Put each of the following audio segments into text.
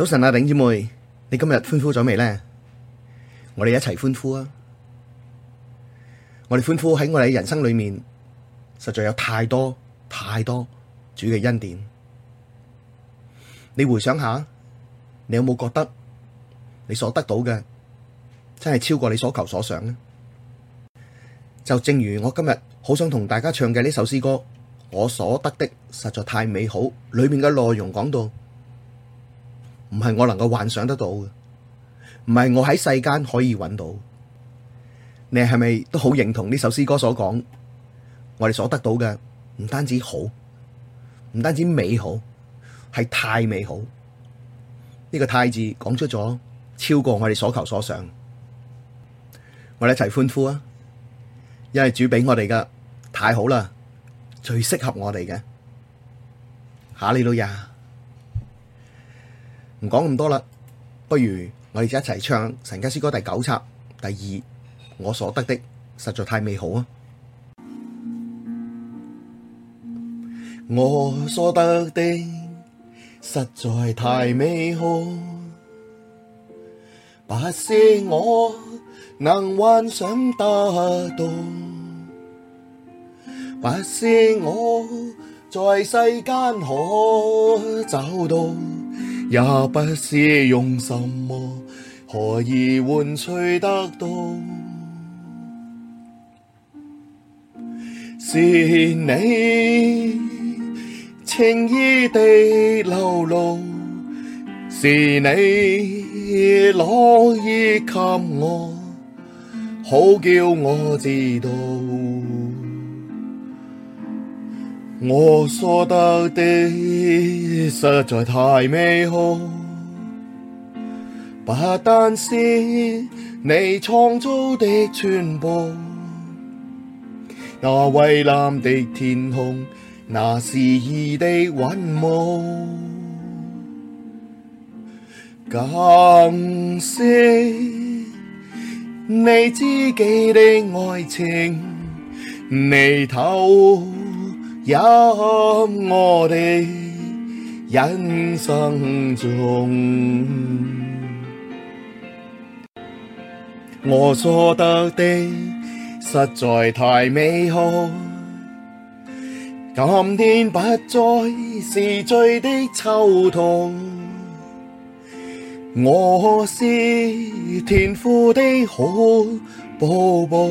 早晨啊，頂姐妹，你今日歡呼咗未呢？我哋一齊歡呼啊！我哋歡呼喺我哋嘅人生裏面，實在有太多太多主嘅恩典。你回想下，你有冇覺得你所得到嘅真係超過你所求所想呢？就正如我今日好想同大家唱嘅呢首詩歌《我所得的實在太美好》裏面嘅內容講到。唔係我能夠幻想得到嘅，唔係我喺世間可以揾到。你係咪都好認同呢首詩歌所講？我哋所得到嘅，唔單止好，唔單止美好，係太美好。呢個太字講出咗超過我哋所求所想。我哋一齊歡呼啊！因為主俾我哋嘅，太好啦，最適合我哋嘅。哈利路亞。唔講咁多啦，不如我哋就一齊唱《神家詩歌》第九冊第二，我所得的實在太美好啊！我所得的實在太美好，不是我能幻想得到，不是我在世間可找到。也不是用什麼，可以換取得到，是你情意的流露，是你樂意給我，好叫我知道。我所得的，的實在太美好，不單是你創造的全部，那蔚藍的天空，那詩意的雲霧，更是你自己的愛情，你投。有我哋人生中，我所得的實在太美好。今天不再是罪的囚徒，我是天父的好寶寶。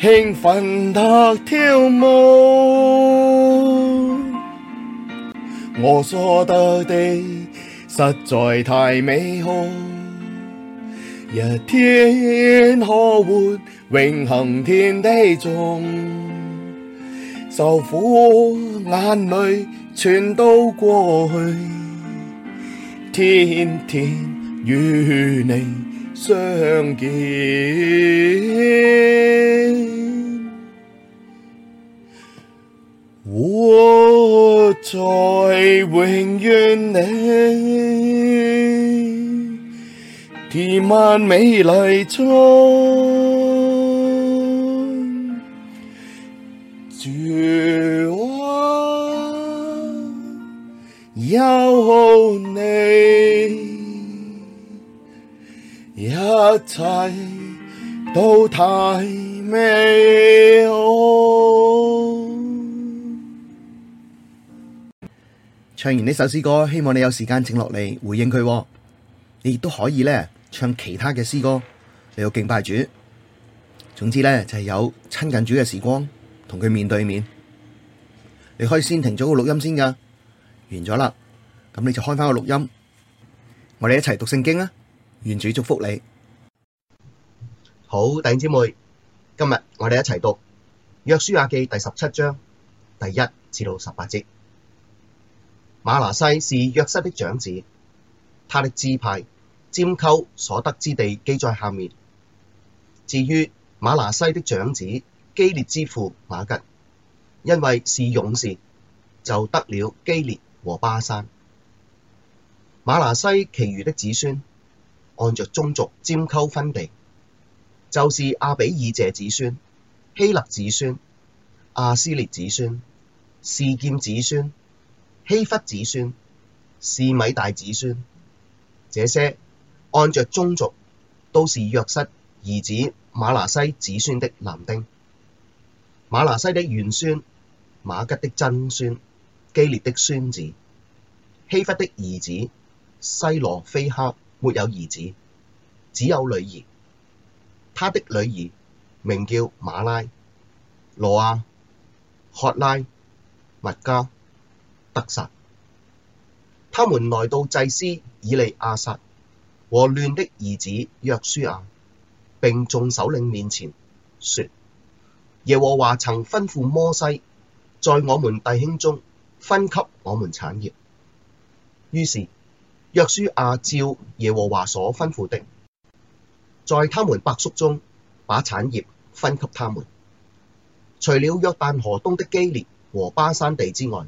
興奮得跳舞我，我所得的實在太美好，一天可活永恒天地中，愁苦眼淚全都過去，天天與你。相見，我在永遠你，甜蜜美麗中，最愛有你。一切都太美好。唱完呢首詩歌，希望你有時間靜落嚟，回應佢。你亦都可以咧，唱其他嘅詩歌嚟到敬拜主。總之咧，就係有親近主嘅時光，同佢面對面。你可以先停咗個錄音先噶，完咗啦，咁你就開翻個錄音，我哋一齊讀聖經啊！願主祝福你。好，弟兄姊妹，今日我哋一齊讀《約書亞記》第十七章第一至到十八節。馬拿西是約瑟的長子，他的支派拈鬮所得之地記在下面。至於馬拿西的長子基列之父馬吉，因為是勇士，就得了基列和巴珊。馬拿西其餘的子孫，按着宗族拈鬮分地，就是亞比以謝子孫、希勒子孫、亞斯列子孫、示劍子孫、希弗子孫、示米大子孫。這些按着宗族，都是約瑟兒子瑪拿西子孫的男丁。瑪拿西的玄孫、瑪吉的曾孫、基列的孫子、希弗的兒子西羅非哈。沒有兒子，只有女兒。他的女兒名叫瑪拉、挪阿、曷拉、密迦、得撒。他們來到祭司以利亞撒和嫩的兒子約書亞並眾首領面前，說：耶和華曾吩咐摩西，在我們弟兄中分給我們產業。於是約書亞照耶和華所吩咐的，在他們伯叔中把產業分給他們。除了約但河東的基列和巴珊地之外，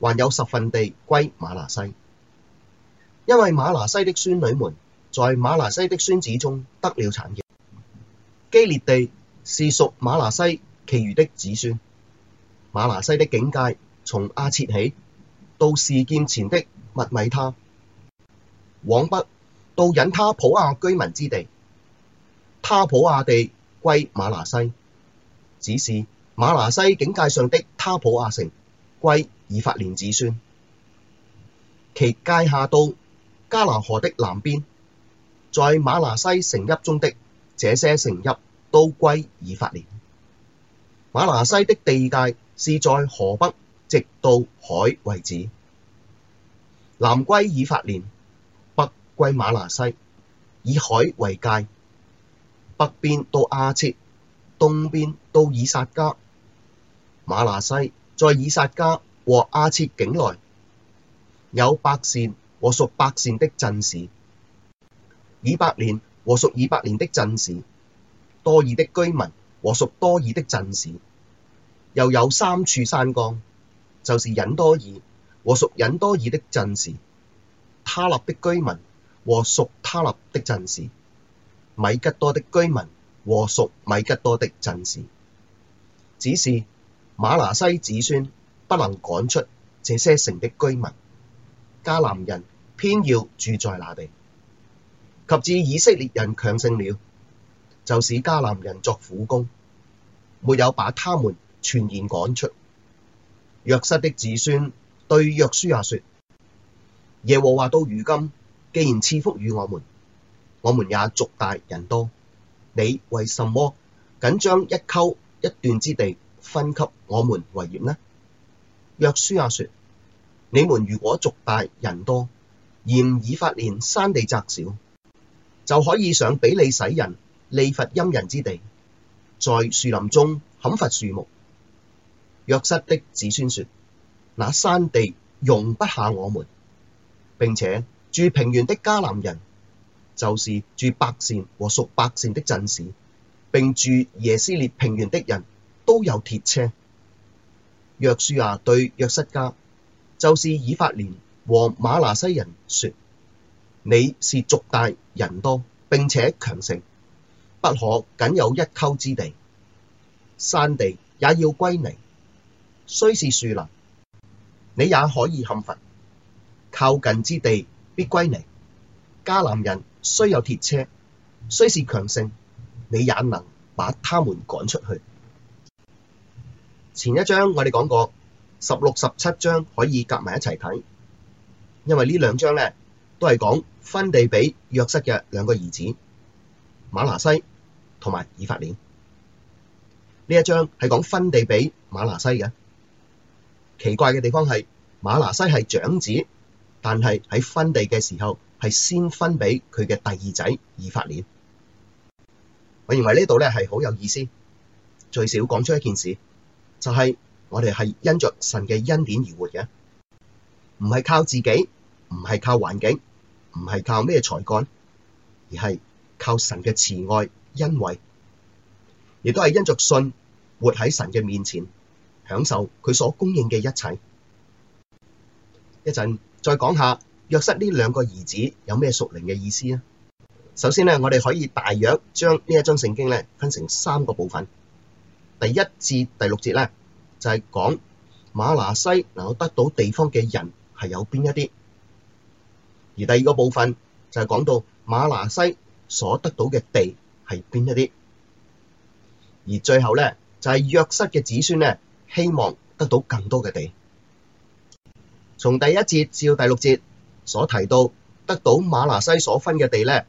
還有十分地歸瑪拿西，因為瑪拿西的孫女們在瑪拿西的孫子中得了產業。基列地是屬瑪拿西，其餘的子孫。瑪拿西的境界從亞設起，到示劍前的密米他。往北到隱他普亞居民之地，他普亞地歸瑪拿西。只是瑪拿西境界上的他普亞城歸以法蓮子孫，其界下到加拿河的南邊，在瑪拿西城邑中的這些城邑都歸以法蓮。瑪拿西的地界是在河北直到海為止，南歸以法蓮。歸瑪拿西，以海為界，北邊到亞設，東邊到以薩迦。瑪拿西，在以薩迦和亞設境內有伯善和屬伯善的鎮市，以伯蓮和屬以伯蓮的鎮市，多珥的居民和屬多珥的鎮市，又有三處山岡，就是隱多珥和屬隱多珥的鎮市，他納的居民。和屬他納的鎮市，米吉多的居民和屬米吉多的鎮市，只是瑪拿西子孫不能趕出這些城的居民，迦南人偏要住在那地。及至以色列人強盛了，就使迦南人做苦工，沒有把他們全然趕出。約瑟的子孫對約書亞說：耶和華到如今。既然賜福與我們，我們也族大人多，你為什麼僅將一鬮一段之地分給我們為業呢？約書亞說：你們如果族大人多，嫌以法蓮山地窄小，就可以上比利洗人、利乏音人之地，在樹林中砍伐樹木。約瑟的子孫說：那山地容不下我們，並且。住平原的迦南人，就是住伯善和屬伯善的鎮市，並住耶斯列平原的人，都有鐵車。約書亞對約瑟家，就是以法蓮和瑪拿西人說：你是族大人多，並且強盛，不可僅有一鬮之地，山地也要歸你。雖是樹林，你也可以砍伐。靠近之地。必歸你。迦南人雖有鐵車，雖是強盛，你也能把他們趕出去。前一章我哋講過，十六、十七章可以夾埋一齊睇，因為呢兩章呢，都係講分地俾約瑟嘅兩個兒子馬拿西同埋以法蓮。呢一章係講分地俾馬拿西嘅。奇怪嘅地方係馬拿西係長子。但係喺分地嘅時候，係先分俾佢嘅第二仔以法蓮。我認為呢度咧係好有意思。最少講出一件事，就係、是、我哋係因着神嘅恩典而活嘅，唔係靠自己，唔係靠環境，唔係靠咩才幹，而係靠神嘅慈愛恩惠，亦都係因着信活喺神嘅面前，享受佢所供應嘅一切。一陣。再講下約瑟呢兩個兒子有咩屬靈嘅意思？首先呢，我哋可以大約將呢一章聖經咧分成三個部分。第一至第六節呢，就係、是、講瑪拿西能夠得到地方嘅人係有邊一啲，而第二個部分就係講到瑪拿西所得到嘅地係邊一啲，而最後呢，就係、是、約瑟嘅子孫呢，希望得到更多嘅地。從第一節至到第六節所提到，得到馬拿西所分嘅地呢，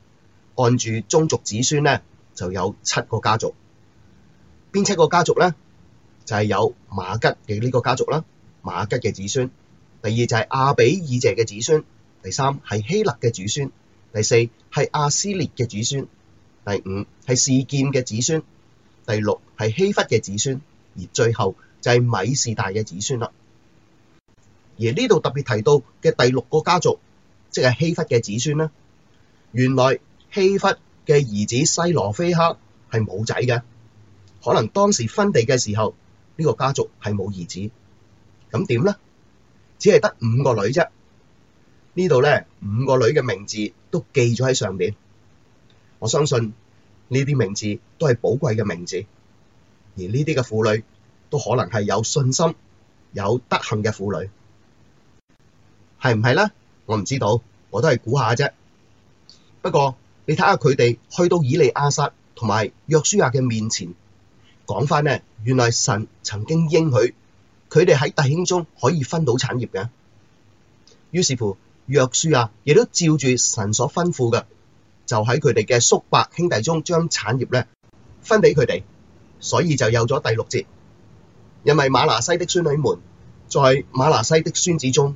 按住宗族子孫呢，就有七個家族。邊七個家族呢？就係、是、有馬吉嘅呢個家族啦，馬吉嘅子孫；第二就係亞比以謝嘅子孫；第三係希勒嘅子孫；第四係亞斯列嘅子孫；第五係示劍嘅子孫；第六係希弗嘅子孫，而最後就係米士大嘅子孫啦。而呢度特別提到嘅第六個家族，即係希弗嘅子孫啦。原來希弗嘅兒子西羅菲克係冇仔嘅，可能當時分地嘅時候，呢個家族係冇兒子，咁點呢？只係得五個女啫。呢度咧五個女嘅名字都記咗喺上面。我相信呢啲名字都係寶貴嘅名字，而呢啲嘅婦女都可能係有信心、有德行嘅婦女。係唔係咧？我唔知道，我都係估下啫。不過你睇下佢哋去到以利亞撒同埋約書亞嘅面前講翻呢，原來神曾經應許佢哋喺弟兄中可以分到產業嘅。於是乎，約書亞亦都照住神所吩咐嘅，就喺佢哋嘅叔伯兄弟中將產業咧分俾佢哋，所以就有咗第六節，因為馬拿西的孫女們在馬拿西的孫子中。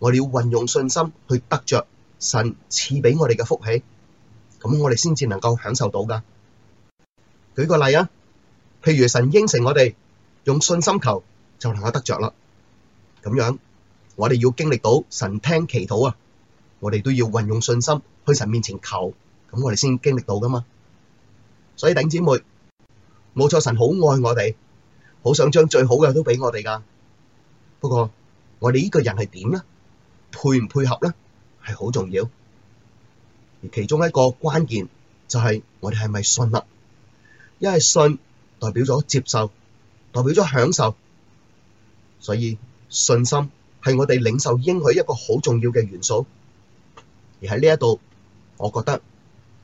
我哋要運用信心去得着神賜畀我哋嘅福氣，咁我哋先至能夠享受到噶舉個例啊，譬如神應承我哋用信心求，就能夠得着啦。咁樣我哋要經歷到神聽祈禱啊，我哋都要運用信心去神面前求，咁我哋先經歷到噶嘛。所以頂姊妹，冇錯，神好愛我哋，好想將最好嘅都畀我哋噶不過我哋呢個人係點咧？配唔配合呢係好重要。而其中一個關鍵就係我哋係咪信啦？因為信代表咗接受，代表咗享受，所以信心係我哋領受應許一個好重要嘅元素。而喺呢一度，我覺得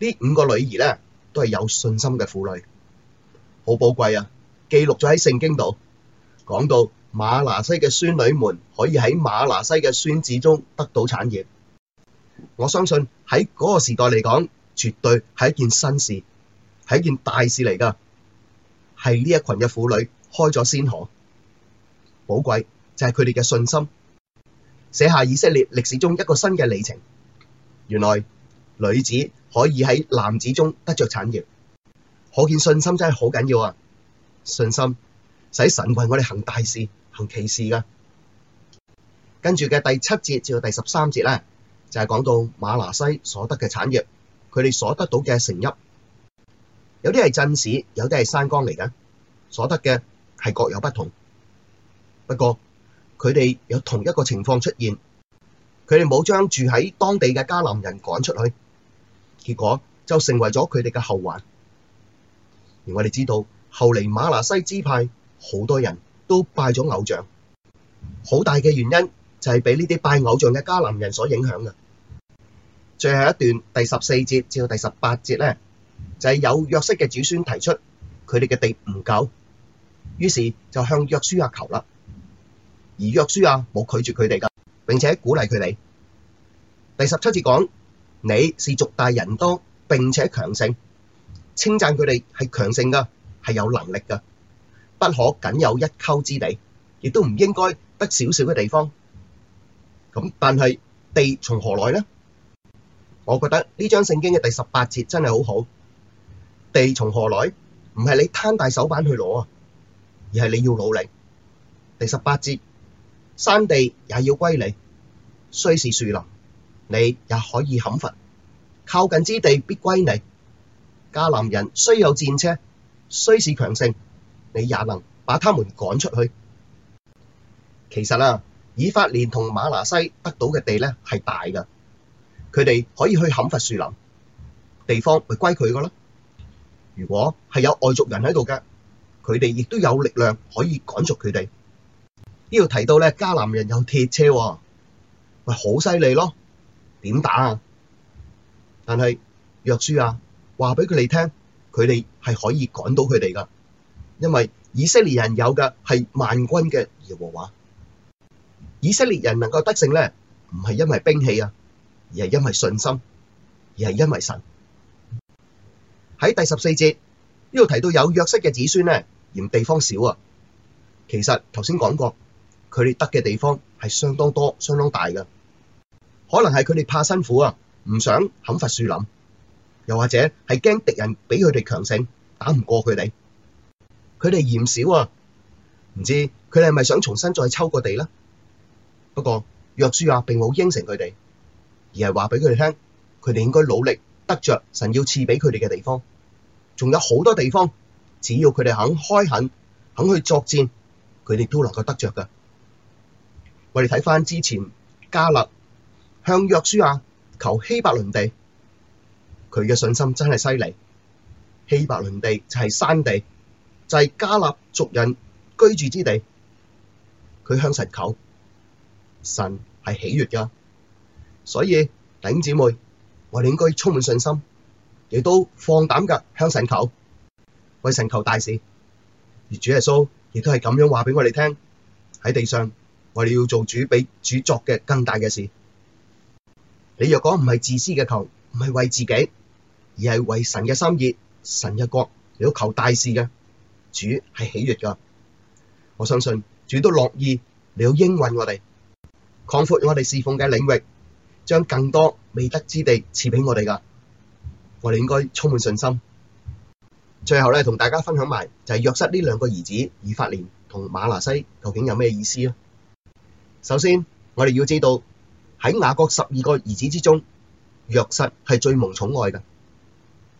呢五個女兒呢都係有信心嘅婦女，好寶貴啊！記錄咗喺聖經度講到。馬拿西嘅孫女們可以喺馬拿西嘅孫子中得到產業，我相信喺嗰個時代嚟講，絕對係一件新事，係一件大事嚟噶。係呢一群嘅婦女開咗先河，寶貴就係佢哋嘅信心，寫下以色列歷史中一個新嘅里程。原來女子可以喺男子中得着產業，可見信心真係好緊要啊！信心使神為我哋行大事。行歧視嘅，跟住嘅第七節至到第十三節咧，就係講到瑪拿西所得嘅產業，佢哋所得到嘅城邑，有啲係鎮市，有啲係山崗嚟嘅，所得嘅係各有不同。不過佢哋有同一個情況出現，佢哋冇將住喺當地嘅迦南人趕出去，結果就成為咗佢哋嘅後患。而我哋知道後嚟瑪拿西支派好多人。都拜咗偶像，好大嘅原因就係俾呢啲拜偶像嘅迦南人所影響噶。最後一段第十四節至到第十八節咧，就係、是、有約瑟嘅子孫提出佢哋嘅地唔夠，於是就向約書亞求啦，而約書亞冇拒絕佢哋噶，並且鼓勵佢哋。第十七節講你是族大人多，並且強盛，稱讚佢哋係強盛噶，係有能力噶。不可僅有一鬮之地，亦都唔應該得少少嘅地方。咁但係地從何來呢？我覺得呢張聖經嘅第十八節真係好好。地從何來？唔係你攤大手板去攞啊，而係你要努力。第十八節，山地也要歸你，雖是樹林，你也可以砍伐。靠近之地必歸你。迦南人雖有戰車，雖是強盛。你也能把他們趕出去。其實啊，以法蓮同馬拿西得到嘅地咧係大噶，佢哋可以去砍伐樹林，地方咪歸佢個咯。如果係有外族人喺度嘅，佢哋亦都有力量可以趕逐佢哋。呢度提到咧，迦南人有鐵車，咪好犀利咯，點打啊？但係約書亞話俾佢哋聽，佢哋係可以趕到佢哋噶。因為以色列人有嘅係萬軍嘅耶和華。以色列人能夠得勝呢，唔係因為兵器啊，而係因為信心，而係因為神。喺第十四節呢度提到有約瑟嘅子孫呢，嫌地方少啊。其實頭先講過，佢哋得嘅地方係相當多，相當大噶。可能係佢哋怕辛苦啊，唔想砍伐樹林，又或者係驚敵人比佢哋強盛，打唔過佢哋。佢哋嫌少啊，唔知佢哋係咪想重新再抽個地呢？不過約書亞並冇應承佢哋，而係話俾佢哋聽，佢哋應該努力得着神要賜俾佢哋嘅地方，仲有好多地方，只要佢哋肯開墾、肯去作戰，佢哋都能夠得着噶我哋睇翻，之前迦勒向約書亞求希伯倫地，佢嘅信心真係犀利。希伯倫地就係山地。就係迦納族人居住之地，佢向神求，神係喜悅噶所以弟兄姊妹，我哋應該充滿信心，亦都放膽噶向神求，為神求大事。而主耶穌亦都係咁樣話俾我哋聽喺地上，我哋要做主比主作嘅更大嘅事。你若果唔係自私嘅求，唔係為自己，而係為神嘅心意、神嘅國，嚟到求大事嘅。主係喜悅噶，我相信主都樂意嚟到應允我哋，擴闊我哋侍奉嘅領域，將更多未得之地賜俾我哋噶。我哋應該充滿信心。最後咧，同大家分享埋，就係約瑟呢兩個兒子，以法蓮同馬拿西，究竟有咩意思咧？首先，我哋要知道喺雅各十二個兒子之中，約瑟係最蒙寵愛噶，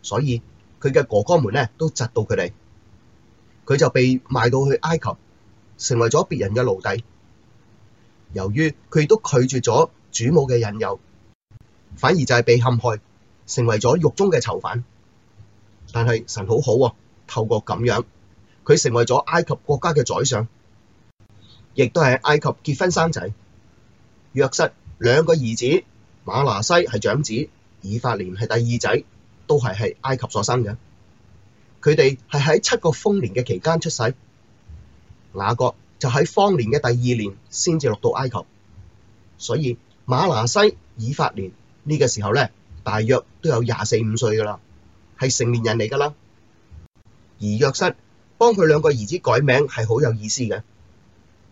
所以佢嘅哥哥們咧都窒到佢哋。佢就被賣到去埃及，成為咗別人嘅奴隸。由於佢亦都拒絕咗主母嘅引誘，反而就係被陷害，成為咗獄中嘅囚犯。但係神好好、啊、喎，透過咁樣，佢成為咗埃及國家嘅宰相，亦都係埃及結婚生仔，約瑟兩個兒子，瑪拿西係長子，以法蓮係第二仔，都係係埃及所生嘅。佢哋係喺七個豐年嘅期間出世，雅各就喺荒年嘅第二年先至落到埃及，所以瑪拿西、以法蓮呢個時候咧，大約都有廿四五歲㗎啦，係成年人嚟㗎啦。而約瑟幫佢兩個兒子改名係好有意思嘅，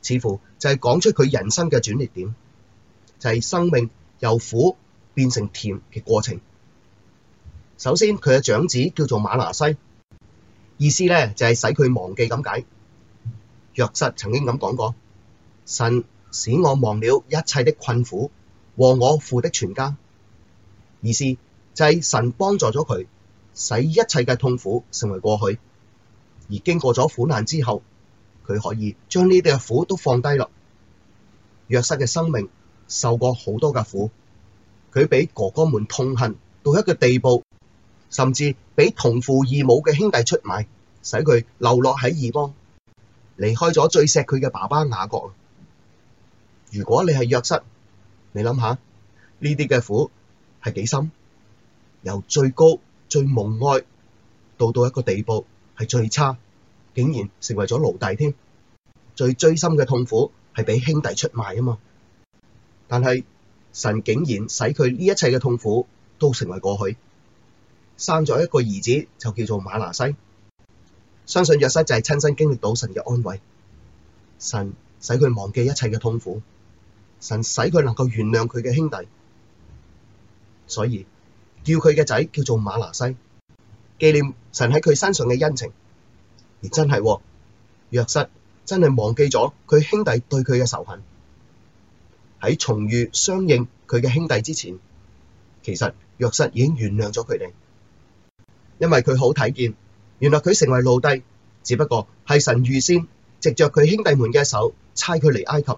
似乎就係講出佢人生嘅轉捩點，就係生命由苦變成甜嘅過程。首先，佢嘅長子叫做瑪拿西。意思咧就係、是、使佢忘記咁解。約瑟曾經咁講過：神使我忘了一切的困苦和我父的全家。意思就係神幫助咗佢，使一切嘅痛苦成為過去。而經過咗苦難之後，佢可以將呢啲嘅苦都放低咯。約瑟嘅生命受過好多嘅苦，佢俾哥哥們痛恨到一個地步。甚至俾同父異母嘅兄弟出賣，使佢流落喺異邦，離開咗最錫佢嘅爸爸雅各。如果你係約瑟，你諗下呢啲嘅苦係幾深？由最高、最蒙愛，到到一個地步係最差，竟然成為咗奴隸添。最最深嘅痛苦係俾兄弟出賣啊嘛！但係神竟然使佢呢一切嘅痛苦都成為過去。生咗一個兒子就叫做馬拿西，相信約瑟就係親身經歷到神嘅安慰，神使佢忘記一切嘅痛苦，神使佢能夠原諒佢嘅兄弟，所以叫佢嘅仔叫做馬拿西，紀念神喺佢身上嘅恩情。而真係約瑟真係忘記咗佢兄弟對佢嘅仇恨，喺重遇相認佢嘅兄弟之前，其實約瑟已經原諒咗佢哋。因為佢好睇見，原來佢成為奴隸，只不過係神預先藉着佢兄弟們嘅手差佢嚟埃及，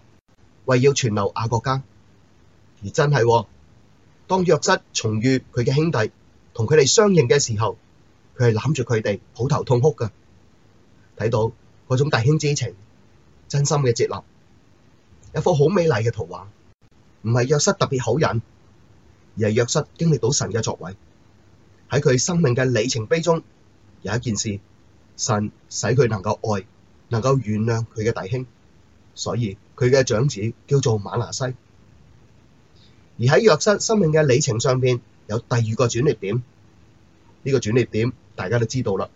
為要存留雅各家。而真係、哦，當約瑟重遇佢嘅兄弟，同佢哋相認嘅時候，佢係攬住佢哋抱頭痛哭噶。睇到嗰種弟兄之情，真心嘅接納，一幅好美麗嘅圖畫。唔係約瑟特別好人，而係約瑟經歷到神嘅作為。喺佢生命嘅里程碑中，有一件事，神使佢能夠愛，能夠原諒佢嘅弟兄，所以佢嘅長子叫做馬拿西。而喺約瑟生命嘅里程上邊，有第二個轉捩點，呢個轉捩點大家都知道啦，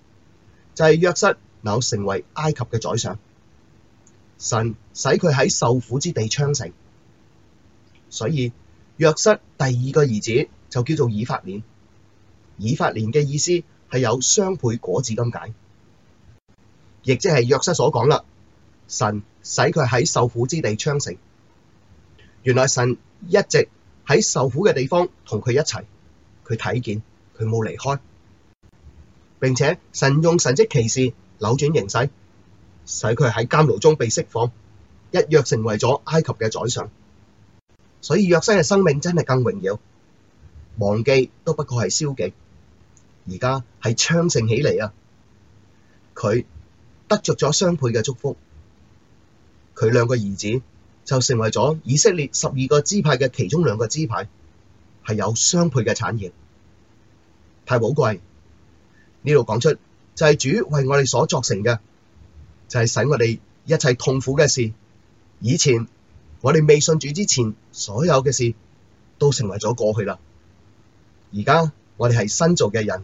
就係約瑟能成為埃及嘅宰相，神使佢喺受苦之地昌盛，所以約瑟第二個兒子就叫做以法蓮。以法蓮嘅意思係有雙倍果子咁解，亦即係約瑟所講啦，神使佢喺受苦之地昌盛。原來神一直喺受苦嘅地方同佢一齊，佢睇見佢冇離開，並且神用神蹟奇事扭轉形勢，使佢喺監獄中被釋放，一躍成為咗埃及嘅宰相。所以約瑟嘅生命真係更榮耀。忘記都不過係消極。而家係昌盛起嚟啊！佢得着咗雙倍嘅祝福，佢兩個兒子就成為咗以色列十二個支派嘅其中兩個支派，係有雙倍嘅產業，太寶貴！呢度講出就係主為我哋所作成嘅，就係使我哋一切痛苦嘅事。以前我哋未信主之前，所有嘅事都成為咗過去啦。而家我哋係新造嘅人。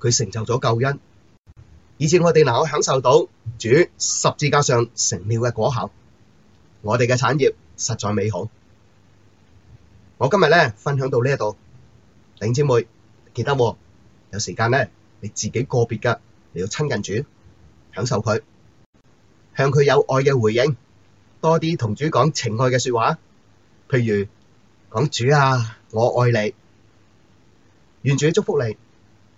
佢成就咗救恩，以致我哋能夠享受到主十字架上成廟嘅果效。我哋嘅產業實在美好。我今日咧分享到呢一度，兄姐妹記得冇有時間咧，你自己個別嘅，你要親近主，享受佢，向佢有愛嘅回應，多啲同主講情愛嘅說話，譬如講，主啊，我愛你，願主祝福你。